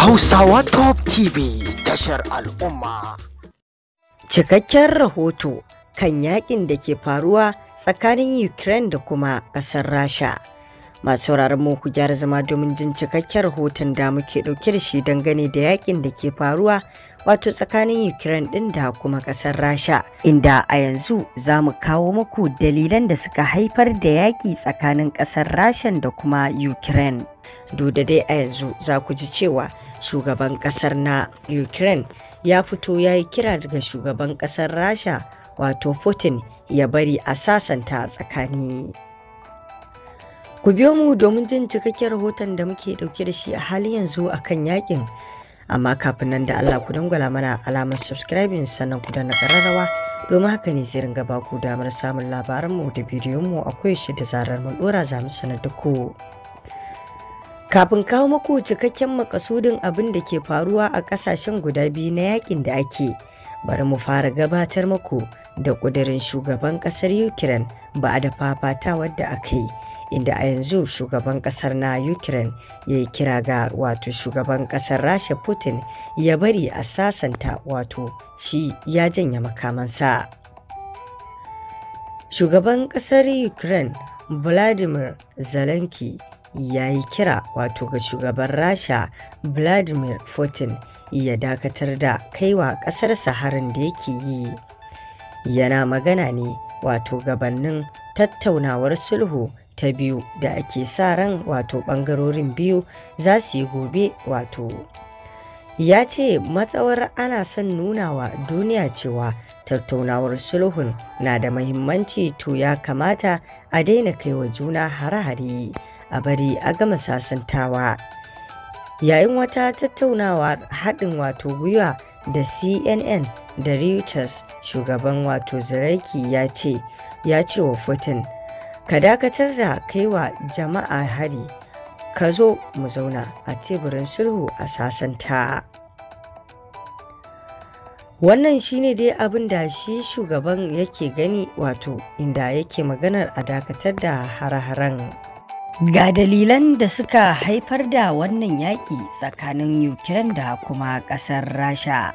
Hausawa Top TV tashar al'umma. Cikakken rahoto kan yakin da ke faruwa tsakanin Ukraine da kuma ƙasar Rasha. Masu mu ku gyara zama domin jin cikakken rahoton da muke ɗauke da shi dangane da yakin da ke faruwa wato tsakanin Ukraine ɗin da kuma ƙasar Rasha. Inda a yanzu za mu kawo muku dalilan da suka haifar da yaƙi tsakanin ƙasar Rasha da kuma Ukraine. Duda dai a yanzu za ku ji cewa shugaban kasar na ukraine ya fito ya yi kira daga shugaban kasar rasha wato putin ya bari a sasanta tsakani ku biyo mu domin jin cikakken rahoton da muke dauke da shi a halin yanzu akan yakin amma kafin nan da allah ku dangwala mana alamar subscribing sannan ku danna kararrawa domin haka ne zai ringa ku damar samun labaran mu da bidiyon mu a koyaushe da zarar mun dora za mu sanar da ku. Kafin kawo maku cikakken makasudin abin da ke faruwa a ƙasashen guda biyu na yakin da ake, bari mu fara gabatar maku da ƙudurin shugaban ƙasar Ukraine ba a da fafatawar da aka yi. inda a yanzu shugaban ƙasar na ukraine ya yi kira ga wato shugaban ƙasar rasha putin ya bari a sasanta wato shi ya janye makamansa shugaban ƙasar ukraine vladimir zelensky ya yi kira wato ga shugaban rasha vladimir putin ya dakatar da kaiwa ƙasarsa harin da yake yi yana magana ne wato gabanin tattaunawar sulhu ta biyu da ake sa ran wato ɓangarorin biyu za su yi gobe wato ya ce matsawar ana son nuna wa duniya cewa tattaunawar sulhun na da mahimmanci to ya kamata a daina kaiwa juna hare hari. a bari a gama sasantawa yayin wata tattaunawa haɗin wato gwiwa da cnn da reuters shugaban wato zaraki ya ce ya ce wa putin ka dakatar da kai wa jama'a hari ka zo mu zauna a teburin sulhu a sasanta wannan shine dai abin da shi shugaban yake gani wato inda yake maganar a dakatar da hare-haren Ga dalilan da suka haifar da wannan yaƙi tsakanin Ukraine da kuma ƙasar Rasha.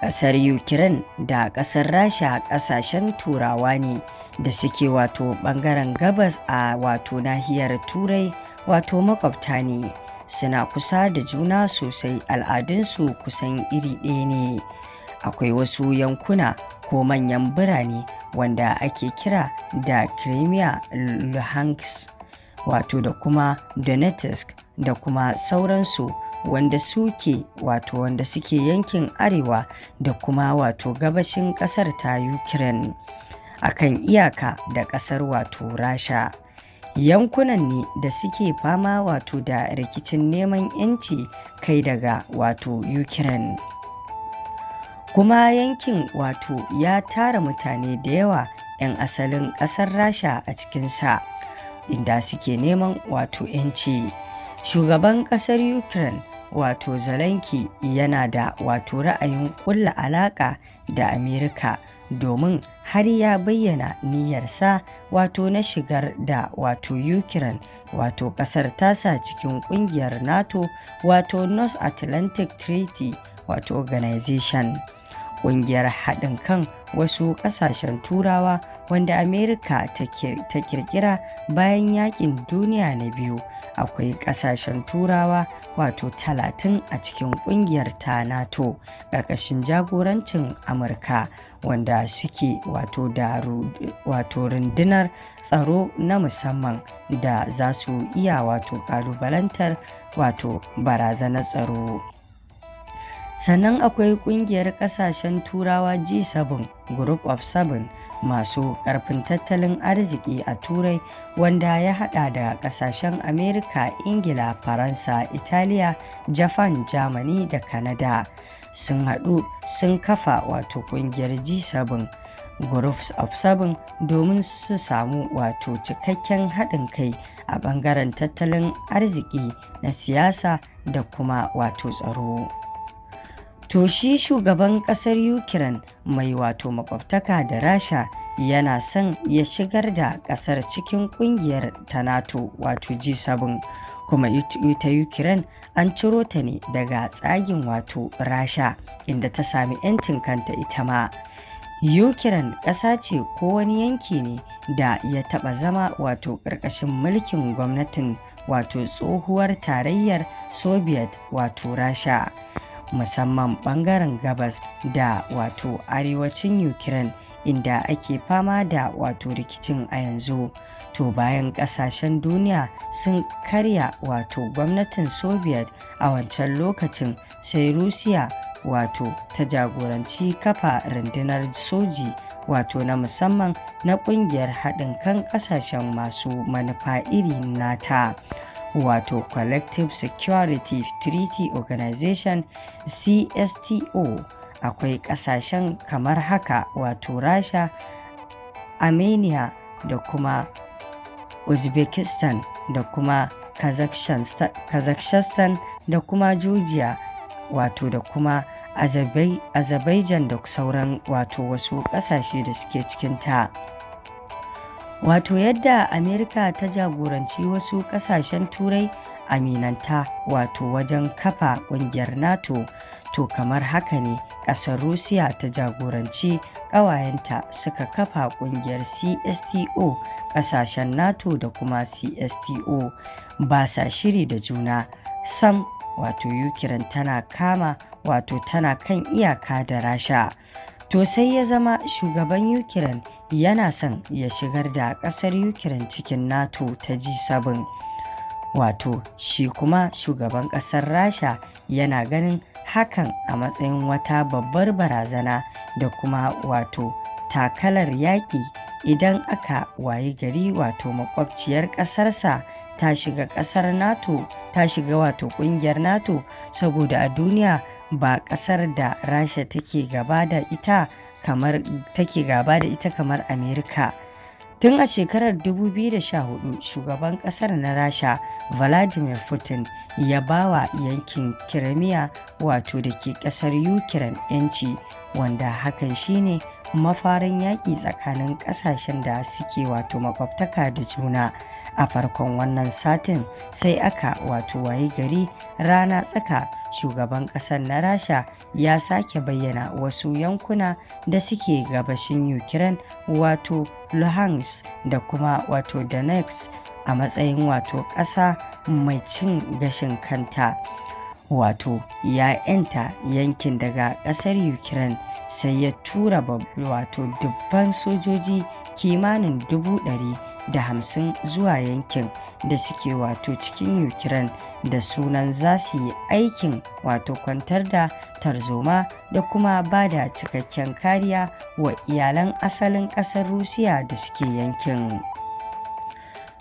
Ƙasar Ukraine da ƙasar Rasha ƙasashen Turawa ne da suke wato ɓangaren gabas a wato nahiyar Turai wato makwabta ne. Suna kusa da juna sosai al'adunsu kusan iri ɗaya ne. Akwai wasu yankuna ko manyan birane wanda ake kira da Crimea Luhansk. wato da kuma donetsk da kuma sauransu wanda suke wato wanda suke yankin arewa da kuma wato gabashin kasar ta ukraine akan iyaka da kasar wato rasha yankunan ne da suke fama wato da rikicin neman yanci kai daga wato ukraine kuma yankin wato ya tara mutane da yawa 'yan asalin kasar rasha a cikinsa inda suke neman wato 'yanci shugaban ƙasar ukraine wato zelenki yana da wato ra'ayin kulla alaƙa da amerika domin har ya bayyana niyyarsa wato na shigar da wato ukraine wato kasar tasa cikin kungiyar nato wato north atlantic treaty wato organization ƙungiyar haɗin kan wasu ƙasashen turawa wanda amerika ta kirkira bayan yakin duniya na biyu akwai ƙasashen turawa wato talatin a cikin ƙungiyar ta nato ƙarƙashin jagorancin amurka wanda suke wato daru wato rundunar tsaro na musamman da za su iya wato ƙalubalantar wato barazanar tsaro sannan akwai ƙungiyar ƙasashen turawa g7 group of Seven masu ƙarfin tattalin arziki a turai wanda ya haɗa da ƙasashen amerika ingila faransa italiya japan germany da canada sun haɗu, sun kafa wato ƙungiyar g7 groups of Seven domin su samu wato cikakken haɗin kai a ɓangaren tattalin arziki na siyasa da kuma wato tsaro. to shi shugaban ƙasar ukraine mai wato makwabtaka da rasha yana son ya shigar da ƙasar cikin ƙungiyar ta nato wato g7 kuma ita ukraine an ciro ta ne daga tsagin wato rasha inda ta sami 'yancin kanta ita ma ukraine ƙasa ce ko wani yanki ne da ya taɓa zama wato ƙarƙashin mulkin gwamnatin wato tsohuwar tarayyar soviet wato rasha musamman bangaren gabas da wato arewacin ukraine inda ake fama da wato rikicin a yanzu to bayan kasashen duniya sun karya wato gwamnatin soviet a wancan lokacin sai rusiya wato ta jagoranci kafa rundunar soji wato na musamman na kungiyar haɗin kan ƙasashen masu manufa iri nata wato collective security treaty organization csto akwai kasashen kamar haka wato rasha armenia da kuma uzbekistan da kuma kazakhstan da kuma georgia wato da kuma azerbaijan da sauran wato wasu kasashe da suke cikinta. ta wato yadda amerika ta jagoranci wasu kasashen turai aminanta wato wajen kafa kungiyar nato to kamar haka ne ƙasar rusiya ta jagoranci ƙawayenta suka kafa kungiyar csto ƙasashen nato da kuma csto ba sa shiri da juna sam wato ukraine tana kama wato tana kan iyaka da rasha to sai ya zama shugaban ukraine yana son ya shigar da ƙasar ukraine cikin nato ta g7 wato shi kuma shugaban ƙasar rasha yana ganin hakan a matsayin wata babbar barazana da kuma wato takalar yaƙi idan aka wayi gari wato makwabciyar ƙasarsa ta shiga ƙasar nato ta shiga wato ƙungiyar nato saboda a duniya ba ƙasar da rasha take gaba da ita kamar take gaba da ita kamar amerika tun a shekarar 2014 shugaban kasar na rasha vladimir putin ya bawa yankin Kiremiya, wato da ke kasar ukraine yanci wanda hakan shine mafarin yaƙi tsakanin ƙasashen da suke wato makwabtaka da juna a farkon wannan satin sai aka wato waye gari rana tsaka shugaban kasar na rasha ya sake bayyana wasu yankuna da suke gabashin ukraine wato luhansk da kuma wato donetsk a matsayin wato ƙasa mai cin gashin kanta wato ya 'yanta yankin daga ƙasar ukraine sai ya tura wato dubban sojoji kimanin dubu ɗari da hamsin zuwa yankin da suke wato cikin ukraine da sunan za su yi aikin wato kwantar da tarzoma da kuma ba da cikakken kariya wa iyalan asalin ƙasar rusiya da suke yankin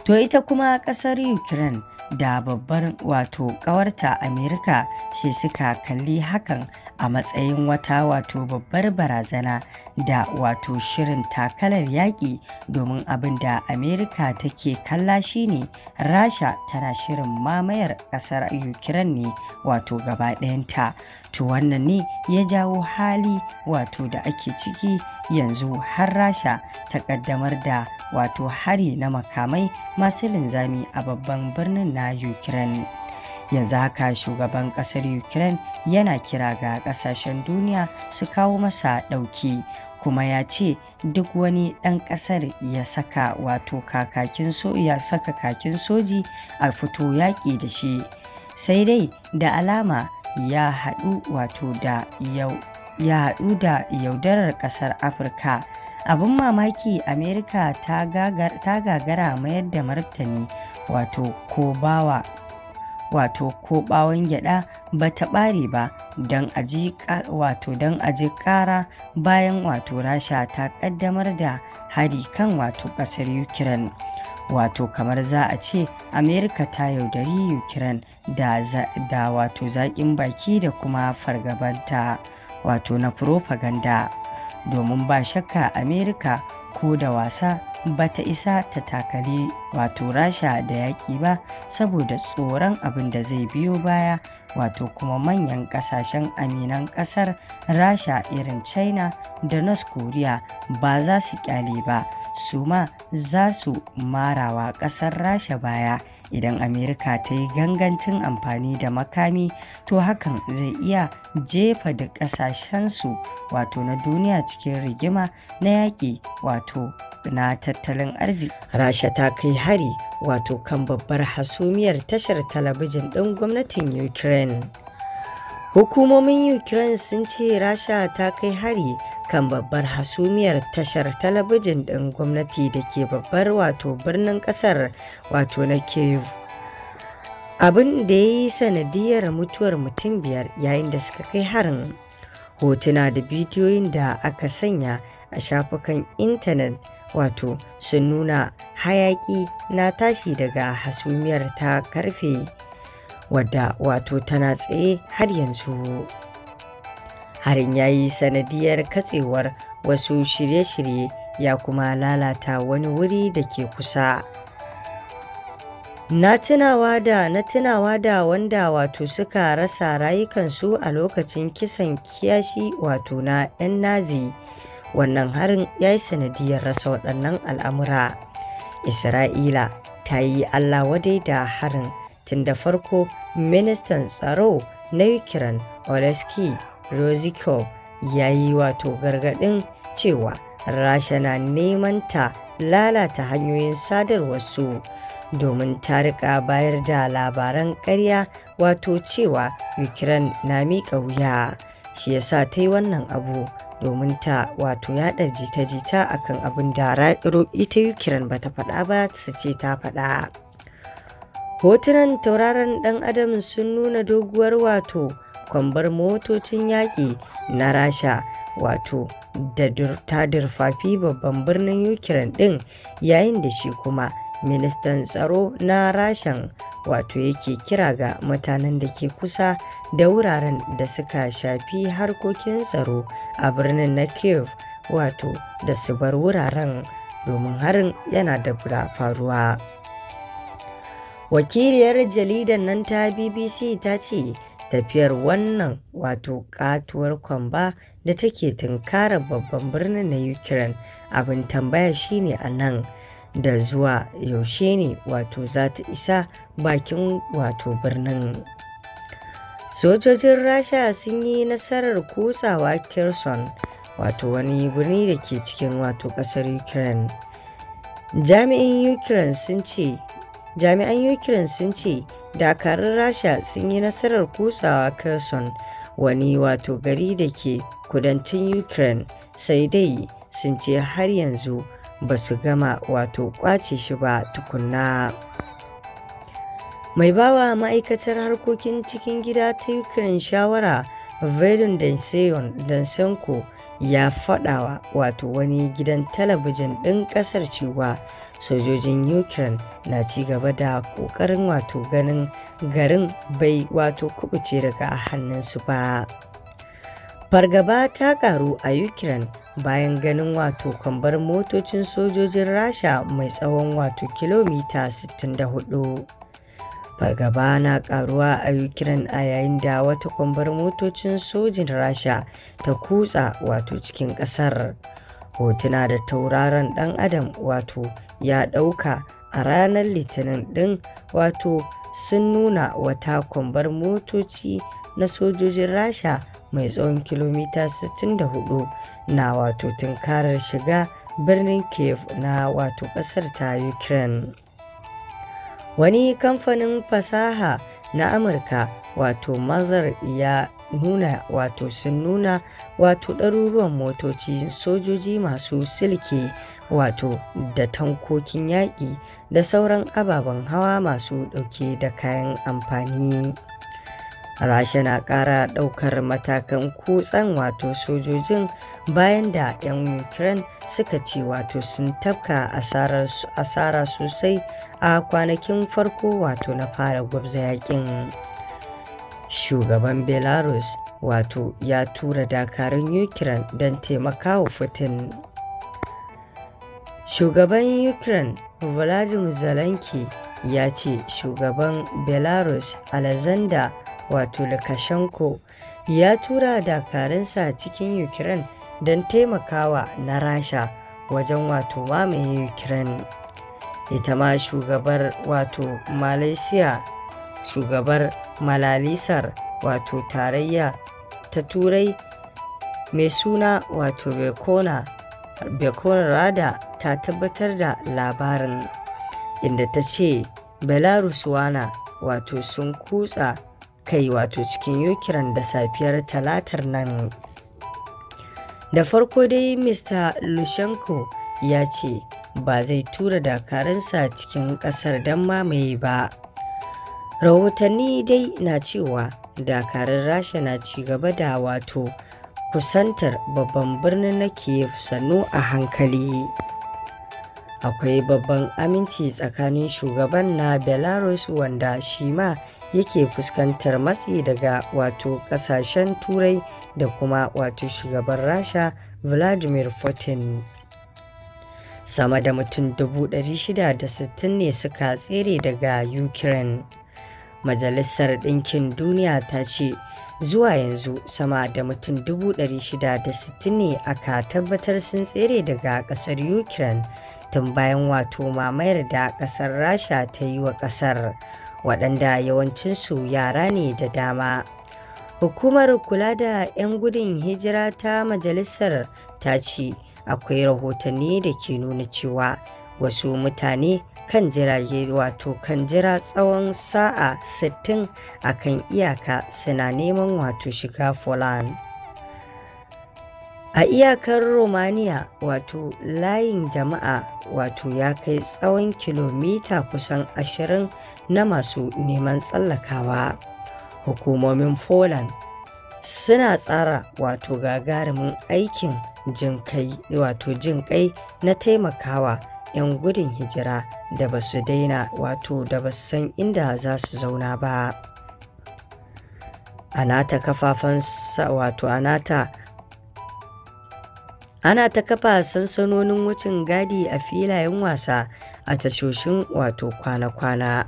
to ita kuma ƙasar ukraine da babbar wato ƙawarta amerika sai suka kalli hakan a matsayin wata wato babbar barazana da wato shirin takalar yaƙi domin abin da amerika take kalla ne, rasha tana shirin mamayar ƙasar ukraine ne wato gaba ɗayanta to wannan ne ya jawo hali wato da ake ciki yanzu har rasha ta ƙaddamar da wato hari na makamai masu linzami a babban birnin na ukraine yanzu haka shugaban kasar ukraine yana kira ga kasashen duniya su kawo masa ɗauki kuma ya ce duk wani ɗan ƙasar ya saka wato kakakin so ya saka kakin soji a fito yaƙi da shi sai dai da alama ya haɗu wato da yau ya haɗu da yaudarar ƙasar afirka abin mamaki amerika ta gagara mayar da martani wato ko bawa wato ko ɓawon gyaɗa ba ta ɓare ba don a ji ƙara bayan wato rasha ta ƙaddamar da hari kan wato ƙasar ukraine wato kamar za a ce amerika ta yaudari ukraine da, da wato zaƙin baki da kuma fargabanta wato na propaganda domin ba shakka amerika ko da wasa ba ta isa ta takali wato rasha da yaƙi ba saboda tsoron abin da zai biyo baya wato kuma manyan ƙasashen aminan ƙasar rasha irin china da north korea ba za su ƙyale ba su ma za su marawa ƙasar rasha baya idan amerika ta yi gangancin amfani da makami to hakan zai iya jefa da ƙasashensu wato na duniya cikin rigima na yaƙi wato na tattalin arziki rasha ta kai hari wato kan babbar hasumiyar tashar talabijin ɗin gwamnatin ukraine hukumomin ukraine sun ce rasha ta kai hari kan babbar hasumiyar tashar talabijin ɗin gwamnati da ke babbar wato birnin ƙasar wato na Kyiv. Abin da ya yi sanadiyar mutuwar mutum biyar yayin da suka kai harin hotuna da bidiyoyin da aka sanya a shafukan intanet wato sun nuna hayaki na tashi daga hasumiyar ta karfe wadda wato tana tsaye har yanzu. harin ya yi sanadiyar katsewar wasu shirye-shirye ya kuma lalata wani wuri da ke kusa na tunawa da na tunawa da wanda wato suka rasa rayukansu a lokacin kisan kiyashi wato na 'yan nazi wannan harin ya yi sanadiyar rasa waɗannan al'amura isra'ila ta yi allah wadai da harin tun da farko ministan tsaro na ukraine oleski Rosikov ya yi wato gargaɗin cewa Rasha na neman ta lalata hanyoyin sadarwarsu domin ta riƙa bayar da labaran karya, wato cewa Ukraine na miƙa wuya. Shi ya sa ta yi wannan abu domin ta wato yaɗa jita-jita a kan abin da ita Ukraine ba ta faɗa ba su ce ta faɗa. Hotunan tauraron ɗan adam sun nuna doguwar wato kwambar motocin yaƙi na rasha wato da ta durfafi babban birnin ukraine ɗin yayin da shi kuma ministan tsaro na rashan wato yake kira ga mutanen da ke kusa da wuraren da suka shafi harkokin tsaro a birnin na kiev wato da su bar wuraren domin harin yana da faruwa wakiliyar jaridar nan ta bbc ta ce tafiyar wannan wato katuwar kwamba da take tunkarar babban birnin na ukraine abin tambaya shine a nan da zuwa yaushe ne wato za ta isa bakin wato birnin sojojin rasha sun yi nasarar kusawa kherson wato wani birni da ke cikin wato kasar ukraine jami'an ukraine sun ce dakarun rasha sun yi nasarar kusawa kherson wani wato gari da ke kudancin ukraine sai dai sun ce har yanzu ba su gama wato kwace shi ba tukunna mai bawa ma'aikatar harkokin cikin gida ta ukraine shawara velin dansenko ya faɗawa wato wani gidan talabijin ɗin ƙasar cewa sojojin ukraine na ci gaba da ƙoƙarin wato ganin garin bai wato kubuce daga hannunsu ba fargaba ta karu a ukraine bayan ganin wato kwambar motocin sojojin rasha mai tsawon wato kilomita 64 fargaba na karuwa a ukraine a yayin da wata kwambar motocin sojin rasha ta kutsa wato cikin kasar hotuna da tauraron ɗan adam wato ya ɗauka a ranar litinin ɗin wato sun nuna wata kwambar motoci na sojojin rasha mai tsawon kilomita 64 na wato tunkarar shiga birnin kiev na wato ƙasar ta ukraine wani kamfanin fasaha na amurka wato mazar ya nuna wato sun nuna wato ɗaruruwan motoci sojoji masu silke wato da tankokin yaƙi da sauran ababen hawa masu ɗauke da kayan amfani rasha na ƙara ɗaukar matakan kutsan wato sojojin bayan da 'yan ukraine suka ce wato sun tafka asara sosai a kwanakin farko wato na fara gwabza yaƙin. shugaban belarus wato ya tura dakarun ukraine don taimakawa putin shugaban ukraine volodymyr zelensky ya ce shugaban belarus alexander wato lukashenko ya tura dakarunsa cikin ukraine don taimakawa na rasha wajen wato mamaye ukraine ita ma shugabar wato malaysia shugabar malalisar wato tarayya ta turai mai suna wato bekona rada ta tabbatar da labarin inda ta ce belaruswana wato sun kutsa kai wato cikin ukraine da safiyar talatar nan da farko dai mr lushenko ya ce ba zai tura dakaransa cikin kasar don mamaye ba rahotanni dai na cewa dakarun rasha na ci gaba da wato kusantar babban birnin na kiev sannu a hankali akwai babban aminci tsakanin shugaban na belarus wanda shi ma yake fuskantar matsi daga wato kasashen turai da kuma wato shugaban rasha vladimir putin sama da mutum 660 ne suka tsere daga ukraine Majalisar Ɗinkin Duniya ta ce zuwa yanzu sama da mutum 660 ne aka tabbatar sun tsere daga ƙasar Ukraine tun bayan wato mamayar da ƙasar Rasha ta yi wa ƙasar waɗanda yawancinsu yara ne da dama. Hukumar kula da 'yan gudun hijira ta majalisar ta ce akwai rahotanni da ke nuna cewa wasu mutane kan jirage wato kan jira tsawon sa'a 60 a kan iyaka suna neman wato shiga Poland. A iyakar Romania wato layin jama'a wato ya kai tsawon kilomita kusan 20 na masu neman tsallakawa. Hukumomin Poland suna tsara wato gagarumin aikin jin wato jin kai na taimakawa 'yan gudun hijira da ba su daina wato da ba su san inda za su zauna ba anata kafafen wato anata ana ta kafa sansanonin wucin gadi a filayen wasa a tashoshin wato kwana-kwana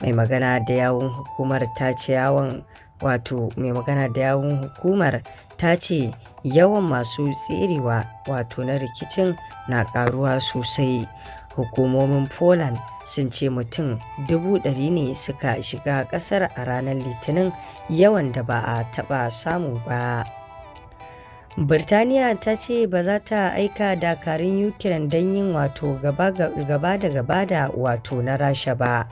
mai magana da yawun hukumar ta ce yawon wato mai magana da yawun hukumar ta ce yawan masu tserewa wato na rikicin na karuwa sosai hukumomin poland sun ce mutum dubu ɗari ne suka shiga ƙasar a ranar litinin yawan da ba a taɓa samu ba birtaniya ta ce ba za ta aika dakarun ukraine don yin wato gaba da gaba da wato na rasha ba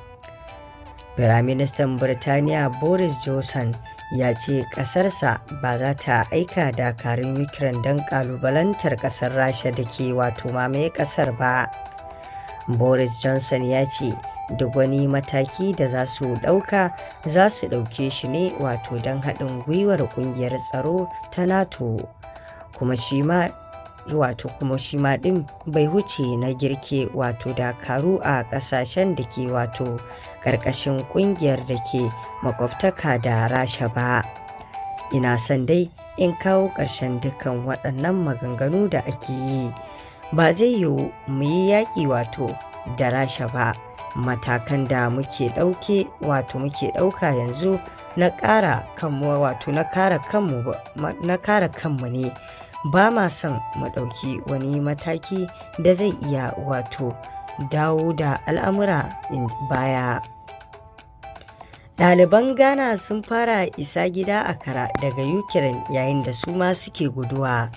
firaministan birtaniya boris johnson ya ce ƙasarsa ba za ta aika dakarun ukraine don ƙalubalantar ƙasar rasha da ke wato mamaye ƙasar ba boris johnson ya ce duk wani mataki da za su ɗauka za su ɗauke shi ne wato don haɗin gwiwar ƙungiyar tsaro ta nato kuma shi ma wato kuma shi ma ɗin bai huce na girke wato dakaru a ƙasashen da ke wato ƙarƙashin ƙungiyar da ke makwabtaka da rasha ba ina son dai in kawo ƙarshen dukkan waɗannan maganganu da ake yi ba zai yiwu mu yi yaƙi wato da rasha ba matakan da muke ɗauke wato muke ɗauka yanzu na ƙara kanmu ne ba ma son mu ɗauki wani mataki da zai iya wato dawo da al'amura in baya. Ɗaliban Ghana sun fara isa gida a kara daga Ukraine yayin da su ma suke guduwa.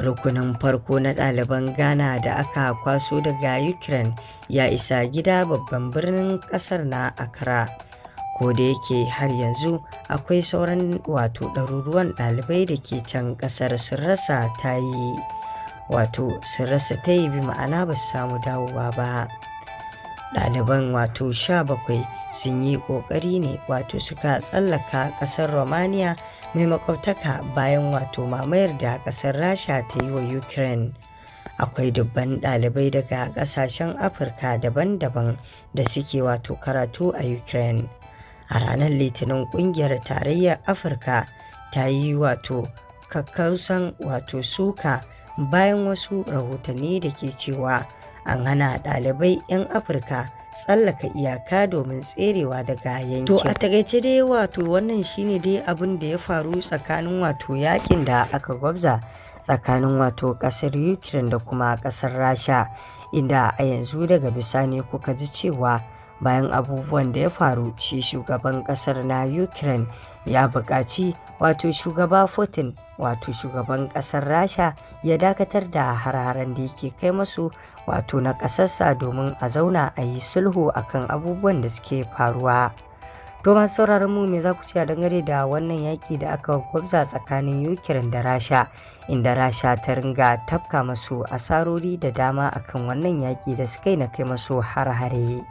Rukunin farko na ɗaliban Ghana da aka kwaso daga Ukraine ya isa gida babban birnin ƙasar na Accra. ko da yake har yanzu akwai sauran wato ɗaruruwan ɗalibai da ke can ƙasar sun rasa ta yi wato sun rasa ta yi bi ma'ana ba su samu dawowa ba ɗaliban wato sha bakwai sun yi ƙoƙari ne wato suka tsallaka ƙasar romania mai makwabtaka bayan wato mamayar da ƙasar rasha ta yi wa ukraine akwai dubban ɗalibai daga ƙasashen afirka daban-daban da suke wato karatu a ukraine a ranar litinin kungiyar tarayyar afirka ta yi wato kakkausan wato suka bayan wasu rahotanni da ke cewa an hana ɗalibai 'yan afirka tsallaka iyaka domin tserewa daga yankin. To a takaice dai wato wannan shine dai abin da ya faru tsakanin wato yakin da aka gwabza tsakanin wato kasar Ukraine da kuma kasar Rasha inda a yanzu daga bisani kuka ji cewa bayan abubuwan da ya faru shi shugaban kasar na ukraine ya buƙaci wato shugaba putin wato shugaban kasar rasha ya dakatar da hararen da yake kai masu wato na ƙasarsa domin a zauna a yi sulhu akan abubuwan da suke faruwa to masu sauraron mu me za ku ce dangane da wannan yaƙi da aka gwabza tsakanin ukraine da rasha inda rasha ta ringa tafka masu asarori da dama akan wannan yaƙi da suka yi na kai masu har-hare